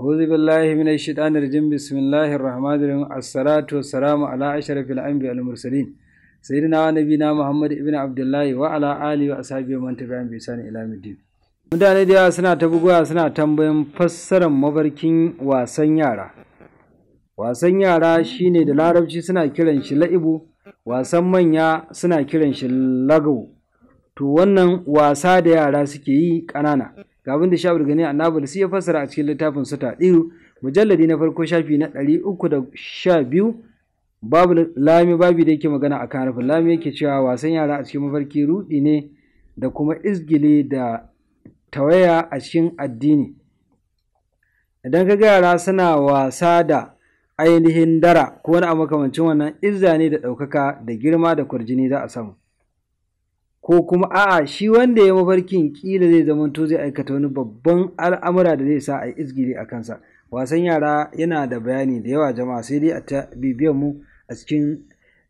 أعوذ بالله من الشيطان الرجيم بسم الله الرحمن الرحيم الصلاة والسلام على أشرف الأنبياء والمرسلين سيدنا ونبينا محمد ابن عبد الله وعلى آله وأصحابه ومن تبعهم بإحسان إلى يوم الدين mutane da yawa suna ta buguwa suna tambayin fassarar mafarkin wasan yara wasan yara shine da larabci suna kiran shi la'ibu wasan manya suna kiran shi lagau to wannan wasa da yara suke yi ƙanana ga abin da Shabir Gani annabul sai ya fassara a cikin littafin su Tadiru mujalladi na farko shafi na 312 babu lami babu da yake magana akan harfin lami yake cewa wasan yara a cikin mafarki rudi ne da kuma izgili da tawaya a cikin addini idan ka ga yara suna wasa da ainihin dara ko wani a makamancin wannan izza ne da ɗaukaka da girma da kwarjini za a samu ko kuma a'a shi wanda ya mafarkin kila zai zama to zai aikata wani babban al'amura da zai sa a izgiri a kansa wasan yara yana da bayani da yawa jama'a sai dai a ta bibiyar mu a cikin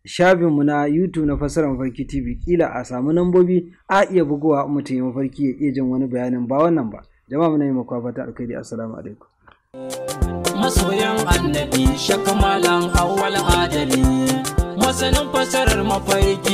shafin mu na YouTube na fasara mafarki TV kila a samu nambobi a iya bugowa mutum ya mafarki ya iya jin wani bayanin ba wannan ba jama'a muna yi makwa fata alkhairi assalamu alaikum masoyan annabi shakamalan awwal adali masanin fasarar mafarki